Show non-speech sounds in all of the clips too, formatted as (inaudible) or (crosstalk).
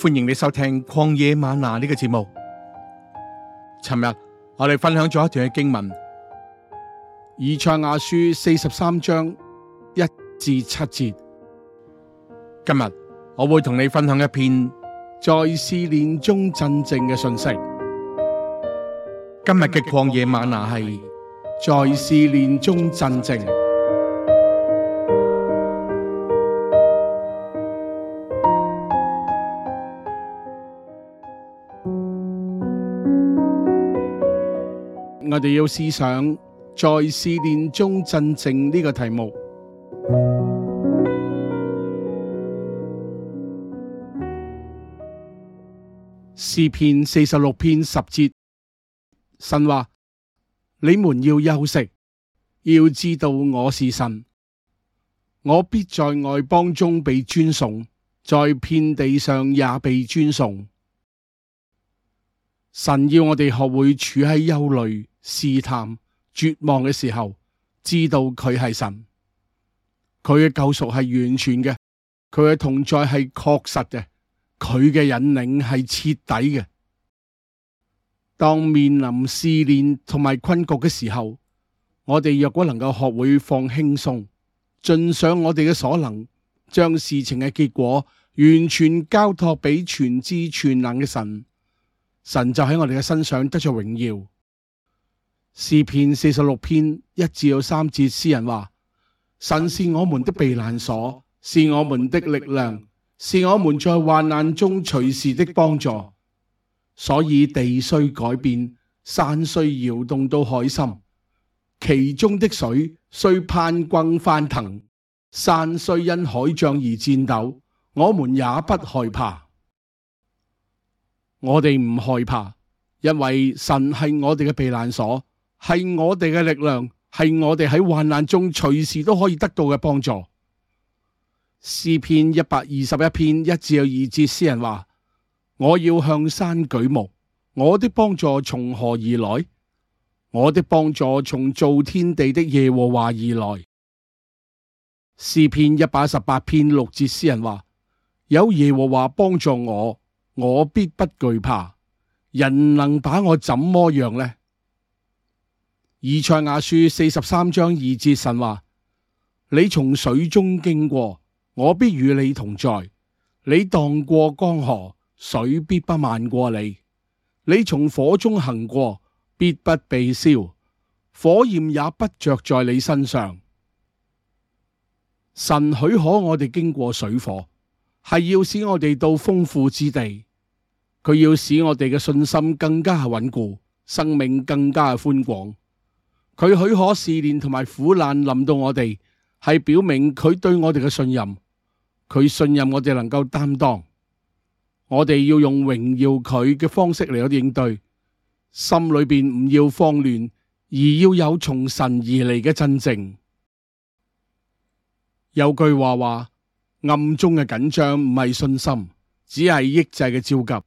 歡迎你收聽曠野嗎哪呢個節目。尋日我哋分享咗一段嘅經文，以賽亞書四十三章一至七節。今日我會同你分享一篇在試煉中鎮靜嘅信息。今日嘅曠野嗎哪係在試煉中鎮靜。我哋要思想在試煉中鎮靜呢個題目。詩篇四十六篇十節，神話，你們要休息，要知道我是神，我必在外邦中被尊崇，在遍地上也被尊崇。神要我哋學會處喺憂慮試探絕望嘅時候，知道佢係神，佢嘅救贖係完全嘅，佢嘅同在係確實嘅，佢嘅引領係徹底嘅。當面臨試煉同埋困局嘅時候，我哋若果能夠學會放輕鬆，盡上我哋嘅所能，將事情嘅結果完全交託俾全知全能嘅神，神就喺我哋嘅身上得咗榮耀。詩篇四十六篇一至有三節，詩人話：神是我們的避難所，是我們的力量，是我們在患難中隨時的幫助。所以地雖改變，山雖搖動到海心，其中的水雖攀滾翻騰，山雖因海漲而顫抖。我們也不害怕，我哋唔害怕，因為神係我哋嘅避難所，係我哋嘅力量，係我哋喺患難中隨時都可以得到嘅幫助。詩篇一百二十一篇一至有二節，詩人話：我要向山舉目，我的幫助從何而來？我的幫助從造天地的耶和華而來。詩篇一百一十八篇六節，詩人話：有耶和華幫助我，我必不懼怕。人能把我怎麼樣呢？以賽亞書四十三章二節，神話：你從水中經過，我必與你同在；你趟過江河，水必不漫過你；你從火中行過，必不被燒，火焰也不着在你身上。神許可我哋經過水火，係要使我哋到豐富之地。佢要使我哋嘅信心更加穩固，生命更加寬廣。佢許可試煉同埋苦難臨到我哋，係表明佢對我哋嘅信任。佢信任我哋能夠擔當，我哋要用榮耀佢嘅方式嚟去應對。心裏邊唔要慌亂，而要有從神而嚟嘅鎮靜。有句話話，暗中嘅緊張唔係信心，只係抑制嘅焦急。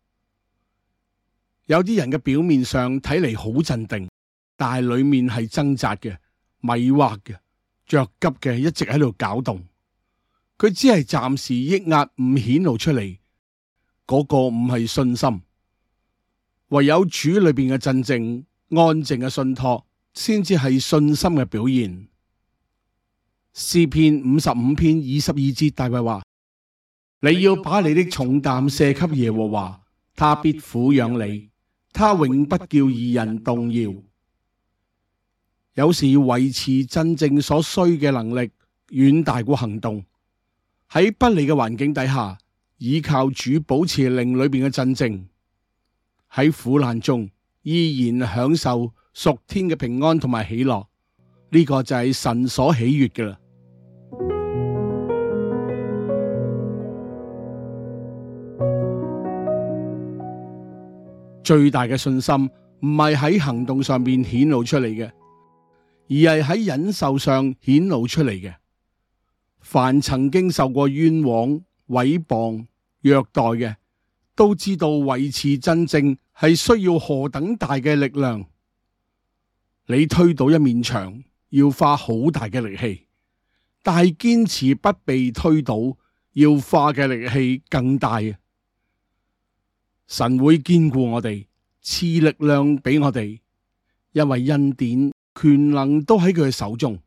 有啲人嘅表面上睇嚟好鎮定。大裏面係掙扎嘅、迷惑嘅、着急嘅，一直喺度攪動。佢只係暫時抑壓，唔顯露出嚟。嗰、那個唔係信心，唯有主裏邊嘅鎮靜、安靜嘅信託，先至係信心嘅表現。詩篇五十五篇二十二節大衛話：你要把你的重擔卸給耶和華，他必撫養你，他永不叫義人動搖。有時維持鎮靜所需嘅能力遠大過行動。喺不利嘅環境底下，依靠主保持靈裏邊嘅鎮靜；喺苦難中依然享受屬天嘅平安同埋喜樂，呢、這個就係神所喜悅嘅啦。 (music) 最大嘅信心唔係喺行動上面顯露出嚟嘅，而係喺忍受上顯露出嚟嘅。凡曾經受過冤枉、誹謗、虐待嘅，都知道維持真正係需要何等大嘅力量。你推倒一面牆要花好大嘅力氣，但係堅持不被推倒要花嘅力氣更大。神會堅固我哋，賜力量俾我哋，因為恩典。權能都喺佢嘅手中，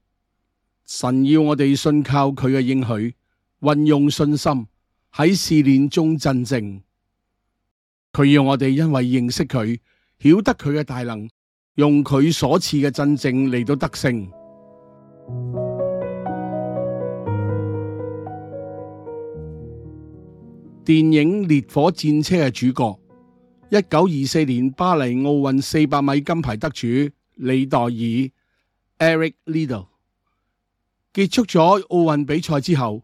神要我哋信靠佢嘅應許，運用信心喺試煉中鎮靜。佢要我哋因為認識佢，曉得佢嘅大能，用佢所賜嘅鎮靜嚟到得勝。 (music) 電影《烈火戰車》嘅主角，一九二四年巴黎奧運四百米金牌得主。李代爾 （Eric l e a d e r 結束咗奧運比賽之後，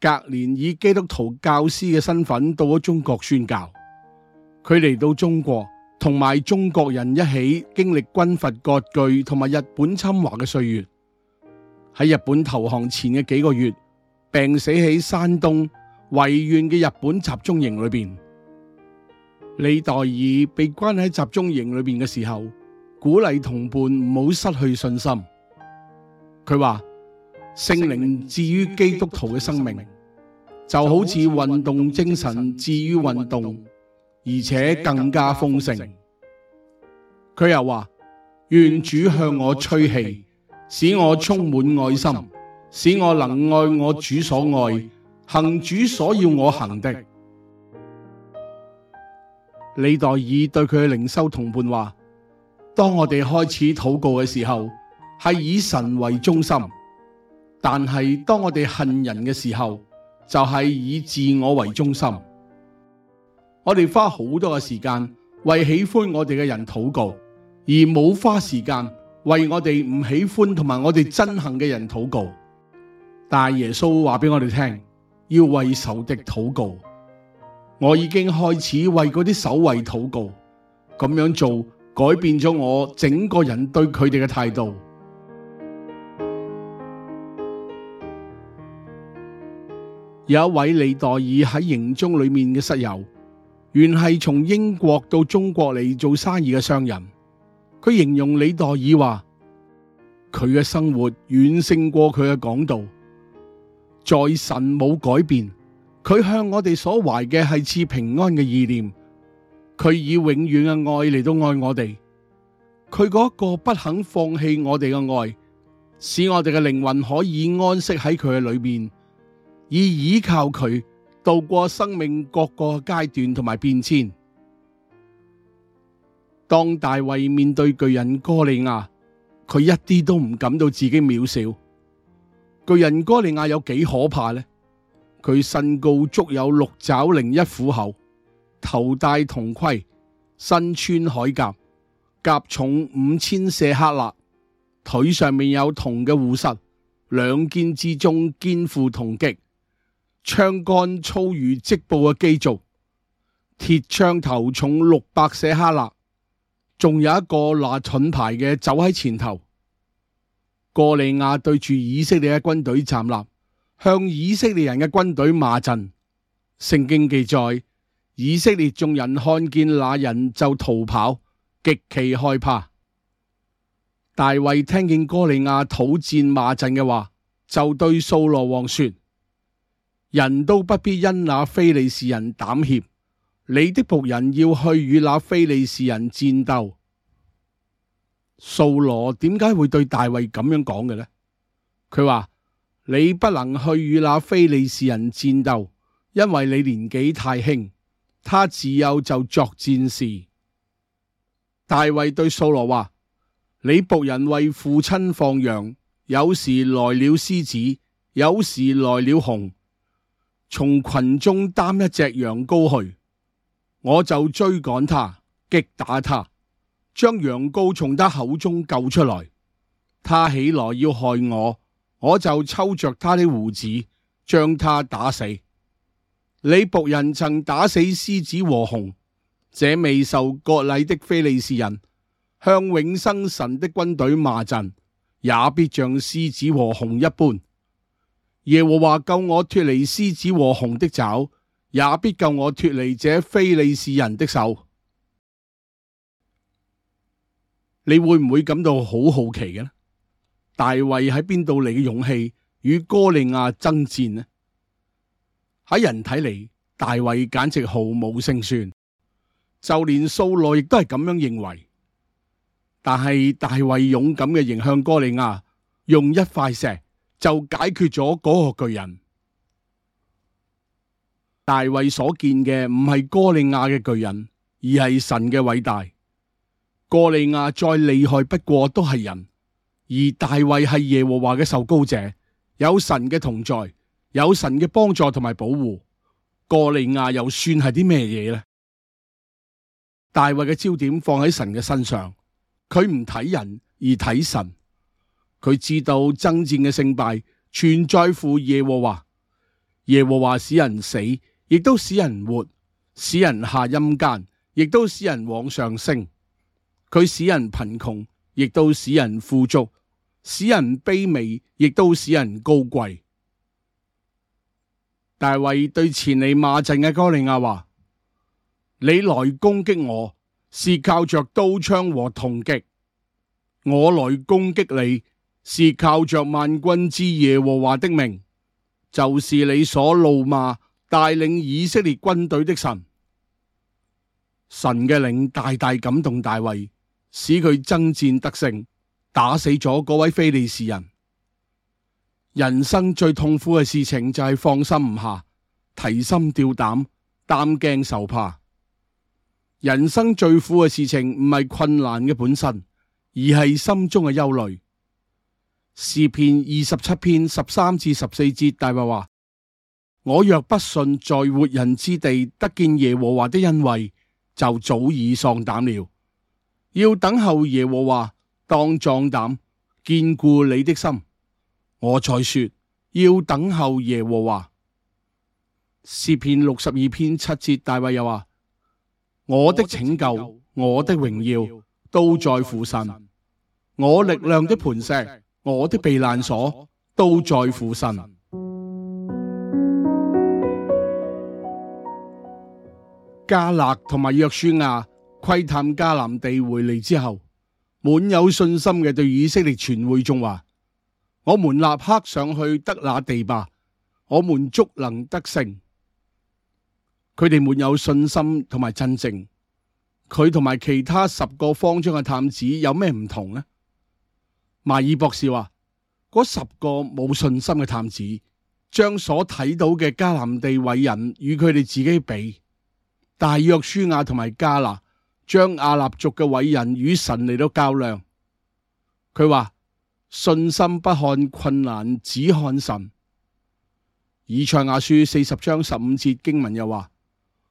隔年以基督徒教師嘅身份到咗中國宣教。佢嚟到中國，同埋中國人一起經歷軍閥割,割據同埋日本侵華嘅歲月。喺日本投降前嘅幾個月，病死喺山東圍院嘅日本集中營裏邊。李代爾被關喺集中營裏邊嘅時候。鼓勵同伴唔好失去信心。佢話聖靈置於基督徒嘅生命，就好似運動精神置於運動，而且更加豐盛。佢又話願主向我吹氣，使我充滿愛心，使我能愛我主所愛，行主所要我行的。李代爾對佢嘅靈修同伴話：當我哋開始禱告嘅時候，係以神為中心；但係當我哋恨人嘅時候，就係以自我為中心。我哋花好多嘅時間為喜歡我哋嘅人禱告，而冇花時間為我哋唔喜歡同埋我哋憎恨嘅人禱告。但係耶穌話俾我哋聽，要為仇敵禱告。我已經開始為嗰啲守衛禱告，咁樣做。改變咗我整個人對佢哋嘅態度。 (music) 有一位李代爾喺營中裏面嘅室友，原係從英國到中國嚟做生意嘅商人。佢形容李代爾話：佢嘅生活遠勝過佢嘅講道。在神冇改變，佢向我哋所懷嘅係賜平安嘅意念。佢以永遠嘅愛嚟到愛我哋，佢嗰個不肯放棄我哋嘅愛，使我哋嘅靈魂可以安息喺佢嘅裏面，以倚靠佢度過生命各個階段同埋變遷。當大衛面對巨人歌利亞，佢一啲都唔感到自己渺小。巨人歌利亞有幾可怕呢？佢身高足有六肘零一虎口。頭戴銅盔，身穿鎧甲，甲重五千舍客勒，腿上面有銅嘅護膝，兩肩之中肩負銅戟，槍桿粗如織布嘅機軸，鐵槍頭重六百舍客勒，仲有一個拿盾牌嘅走喺前頭。哥利亞對住以色列嘅軍隊站立，向以色列人嘅軍隊罵陣。聖經記載。以色列眾人看見那人就逃跑，極其害怕。大衛聽見哥利亞討戰罵陣嘅話，就對掃羅王說：人都不必因那非利士人膽怯，你的僕人要去與那非利士人戰鬥。掃羅點解會對大衛咁樣講嘅呢？佢話你不能去與那非利士人戰鬥，因為你年紀太輕。他自幼就作戰士。大衛對掃羅話：你僕人為父親放羊，有時來了獅子，有時來了熊，從群中擔一隻羊羔去，我就追趕他，擊打他，將羊羔從他口中救出來。他起來要害我，我就抽着他的鬍子，將他打死。你僕人曾打死獅子和熊，這未受割禮的非利士人向永生神的軍隊罵陣，也必像獅子和熊一般。耶和華救我脱離獅子和熊的爪，也必救我脱離這非利士人的手。你會唔會感到好好奇嘅呢？大衛喺邊度嚟嘅勇氣與哥利亞爭戰呢？喺人睇嚟，大衛簡直毫無勝算，就連掃羅亦都係咁樣認為。但係大衛勇敢嘅迎向哥利亞，用一塊石就解決咗嗰個巨人。大衛所見嘅唔係哥利亞嘅巨人，而係神嘅偉大。哥利亞再厲害不過都係人，而大衛係耶和華嘅受膏者，有神嘅同在。有神嘅幫助同埋保護，哥利亞又算係啲咩嘢呢？大衛嘅焦點放喺神嘅身上，佢唔睇人而睇神。佢知道爭戰嘅勝敗全在乎耶和華，耶和華使人死，亦都使人活，使人下陰間，亦都使人往上升。佢使人貧窮，亦都使人富足，使人卑微，亦都使人高貴。大衛對前嚟罵陣嘅哥利亞話：你來攻擊我，是靠着刀槍和銅戟；我來攻擊你，是靠着萬軍之耶和華的名。就是你所怒罵帶領以色列軍隊的神。神嘅靈大大感動大衛，使佢爭戰得勝，打死咗嗰位非利士人。人生最痛苦嘅事情就係放心唔下，提心吊膽、擔驚受怕。人生最苦嘅事情唔係困難嘅本身，而係心中嘅憂慮。詩篇二十七篇十三至十四節大衛說：我若不信在活人之地得見耶和華的恩惠，就早已喪膽了。要等候耶和華，當壯膽，堅固你的心。我在說，要等候耶和華。詩篇六十二篇七節，大衛又話：我的拯救，我的榮耀都在乎神，我力量的磐石，石、我的避難所，避難所都在乎神。迦勒同埋約書亞窺探迦南地回嚟之後，滿有信心嘅，對以色列全會眾話。我們立刻上去得那地吧，我們足能得勝。佢哋滿有信心同埋鎮靜。佢同埋其他十個慌張嘅探子有咩唔同呢？邁爾博士話：嗰十個冇信心嘅探子，將所睇到嘅迦南地偉人與佢哋自己比；但約書亞同埋迦拿，將亞納族嘅偉人與神嚟到較量。佢話。信心不看困難，只看神。以賽亞書四十章十五節經文又話：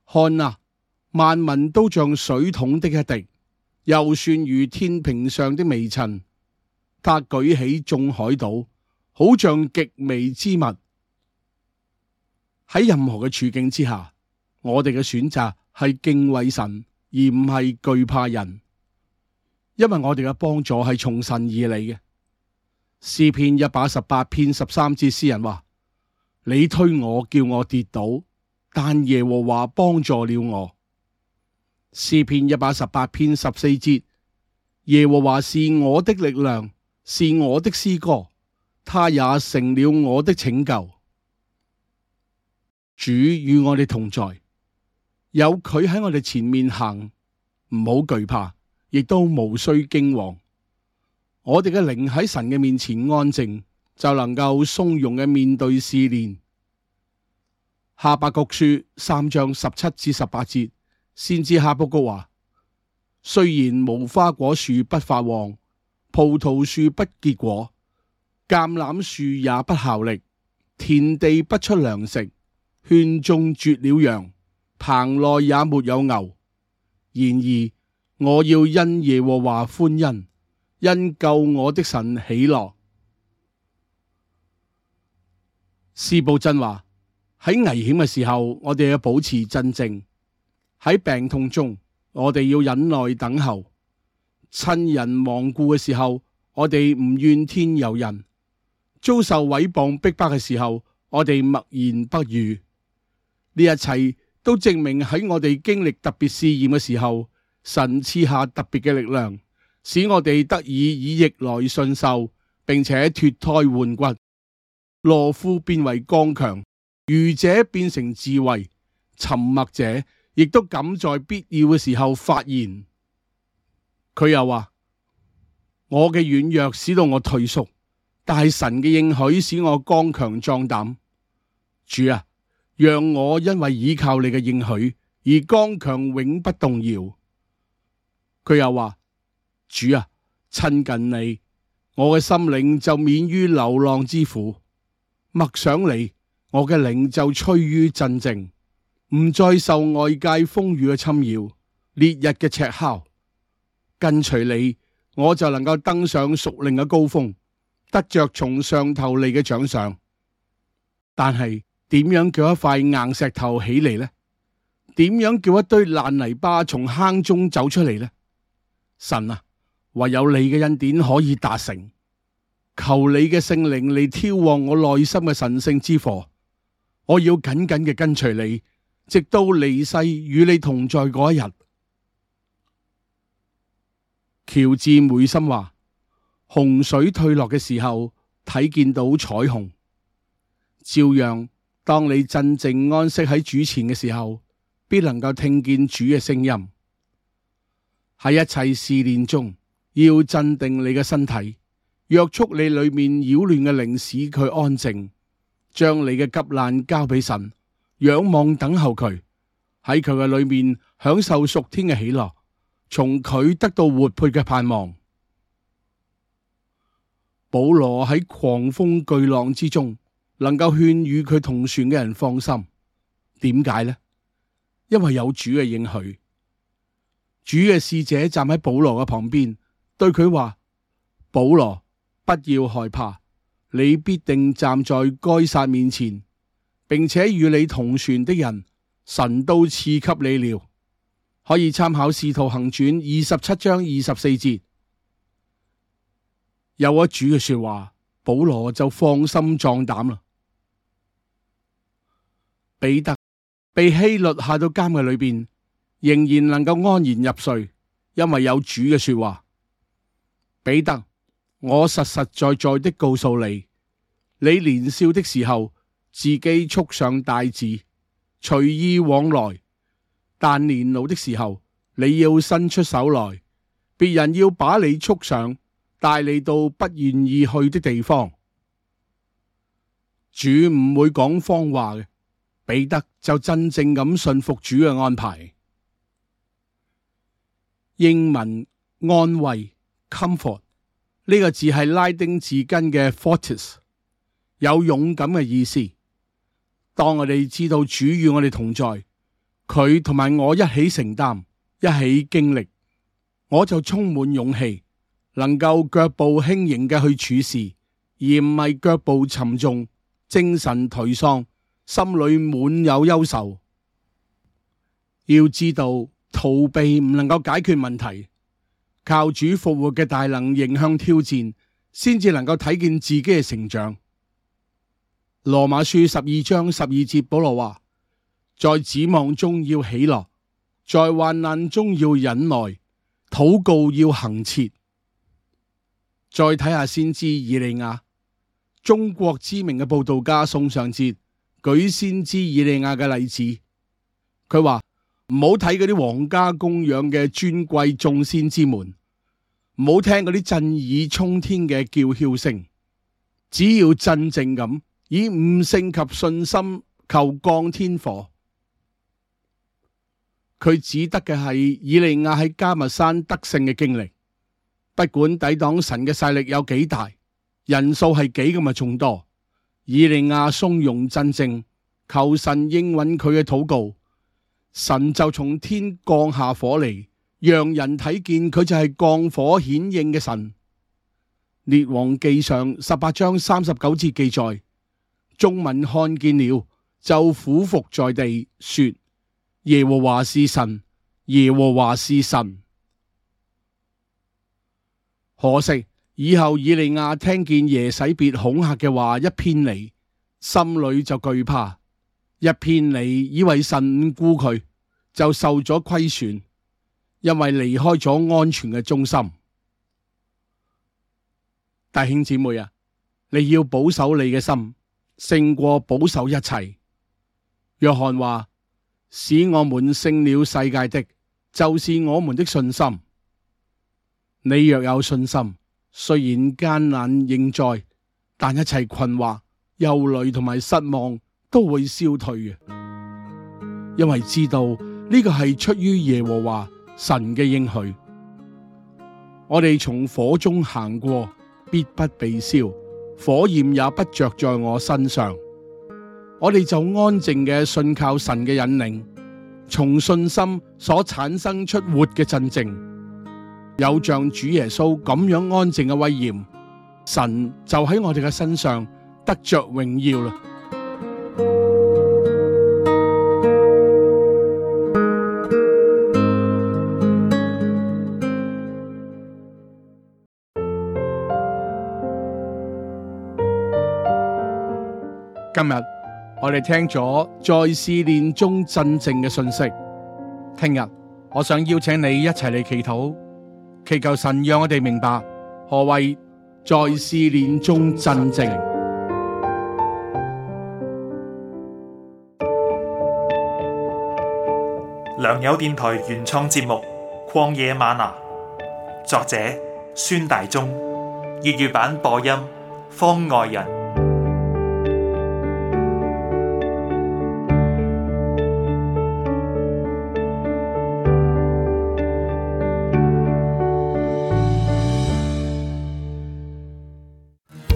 看啊，萬民都像水桶的一滴，又算如天平上的微塵。他舉起眾海島，好像極微之物。喺任何嘅處境之下，我哋嘅選擇係敬畏神，而唔係懼怕人，因為我哋嘅幫助係從神而嚟嘅。詩篇一百十八篇十三節，詩人話：你推我，叫我跌倒，但耶和華幫助了我。詩篇一百十八篇十四節，耶和華是我的力量，是我的詩歌，他也成了我的拯救。主與我哋同在，有佢喺我哋前面行，唔好懼怕，亦都無需驚惶。我哋嘅靈喺神嘅面前安靜，就能夠從容嘅面對試煉。哈巴谷書三章十七至十八節，先知哈巴谷話：雖然無花果樹不發旺，葡萄樹不結果，橄欖樹也不效力，田地不出糧食，圈中絕了羊，棚內也沒有牛。然而我要因耶和華歡欣。因救我的神喜樂，施布真話。喺危險嘅時候，我哋要保持鎮靜；喺病痛中，我哋要忍耐等候；親人亡故嘅時候，我哋唔怨天尤人；遭受毀謗逼迫嘅時候，我哋默然不語。呢一切都證明喺我哋經歷特別試驗嘅時候，神賜下特別嘅力量。使我哋得以以逆來順受，並且脫胎換骨，懦夫變為剛強，愚者變成智慧，沉默者亦都敢在必要嘅時候發言。佢又話：我嘅軟弱使到我退縮，但係神嘅應許使我剛強壯膽。主啊，讓我因為依靠你嘅應許而剛強，永不動搖。佢又話。主啊，親近你，我嘅心靈就免於流浪之苦；默想你，我嘅靈就趨於鎮靜，唔再受外界風雨嘅侵擾、烈日嘅赤烤。跟隨你，我就能夠登上屬靈嘅高峰，得着從上頭嚟嘅獎賞。但係點樣叫一塊硬石頭起嚟呢？點樣叫一堆爛泥巴從坑中走出嚟呢？神啊！唯有你嘅恩典可以達成，求你嘅聖靈嚟挑旺我內心嘅神聖之火。我要緊緊嘅跟隨你，直到離世與你同在嗰一日。喬治梅森話：洪水退落嘅時候，睇見到彩虹；照樣，當你鎮靜安息喺主前嘅時候，必能夠聽見主嘅聲音。喺一切試煉中，要鎮定你嘅身體，約束你裏面擾亂嘅靈，使佢安靜，將你嘅急難交俾神，仰望等候佢，喺佢嘅裏面享受屬天嘅喜樂，從佢得到活潑嘅盼望。保羅喺狂風巨浪之中，能夠勸與佢同船嘅人放心，點解呢？因為有主嘅應許，主嘅使者站喺保羅嘅旁邊。對佢話，保羅，不要害怕，你必定站在該撒面前，並且與你同船的人，神都賜給你了。可以參考《使徒行傳》二十七章二十四節。有咗主嘅說話，保羅就放心壯膽啦。彼得被希律下到監獄裏邊，仍然能夠安然入睡，因為有主嘅說話。彼得，我實實在在的告訴你，你年少的時候自己束上帶子，隨意往來；但年老的時候，你要伸出手來，別人要把你束上，帶你到不願意去的地方。主唔會講謊話嘅，彼得就真正咁信服主嘅安排。英文安慰。Comfort 呢個字係拉丁字根嘅 fortis，有勇敢嘅意思。當我哋知道主與我哋同在，佢同埋我一起承擔、一起經歷，我就充滿勇氣，能夠腳步輕盈嘅去處事，而唔係腳步沉重、精神頹喪、心裏滿有憂愁。要知道逃避唔能夠解決問題。靠主復活嘅大能迎向挑戰，先至能夠睇見自己嘅成長。羅馬書十二章十二節保羅話：在指望中要喜樂，在患難中要忍耐，禱告要恆切。再睇下先知以利亞，中國知名嘅佈道家宋尚節舉先知以利亞嘅例子，佢話唔好睇嗰啲皇家供養嘅尊貴眾先知們。唔好聽啲震耳沖天嘅叫囂聲，只要鎮靜咁，以悟性及信心求降天火，佢指得嘅係以利亞喺迦密山得勝嘅經歷。不管抵擋神嘅勢力有幾大，人數係幾咁嘅眾多，以利亞從容鎮靜，求神應允佢嘅禱告，神就從天降下火嚟。讓人睇見佢就係降火顯應嘅神。列王記上十八章三十九節記載，眾民看見了就俯伏在地說：耶和華是神，耶和華是神。可惜以後以利亞聽見耶洗別恐嚇嘅話一偏離，心裏就懼怕；一偏離以為神唔顧佢，就受咗虧損。因為離開咗安全嘅中心，弟兄姊妹啊，你要保守你嘅心，勝過保守一切。約翰話：使我們勝了世界的，就是我們的信心。你若有信心，雖然艱難仍在，但一切困惑、憂慮同埋失望都會消退嘅，因為知道呢個係出於耶和華。神嘅應許，我哋從火中行過，必不被燒，火焰也不着在我身上。我哋就安靜嘅信靠神嘅引領，從信心所產生出活嘅鎮靜，有像主耶穌咁樣安靜嘅威嚴。神就喺我哋嘅身上得着榮耀啦。今日我哋聽咗在試煉中鎮靜嘅信息，聽日我想邀請你一齊嚟祈禱，祈求神讓我哋明白何謂在試煉中鎮靜。良友電台原創節目《曠野嗎哪》，作者：孫大中，粵語版播音：方外人。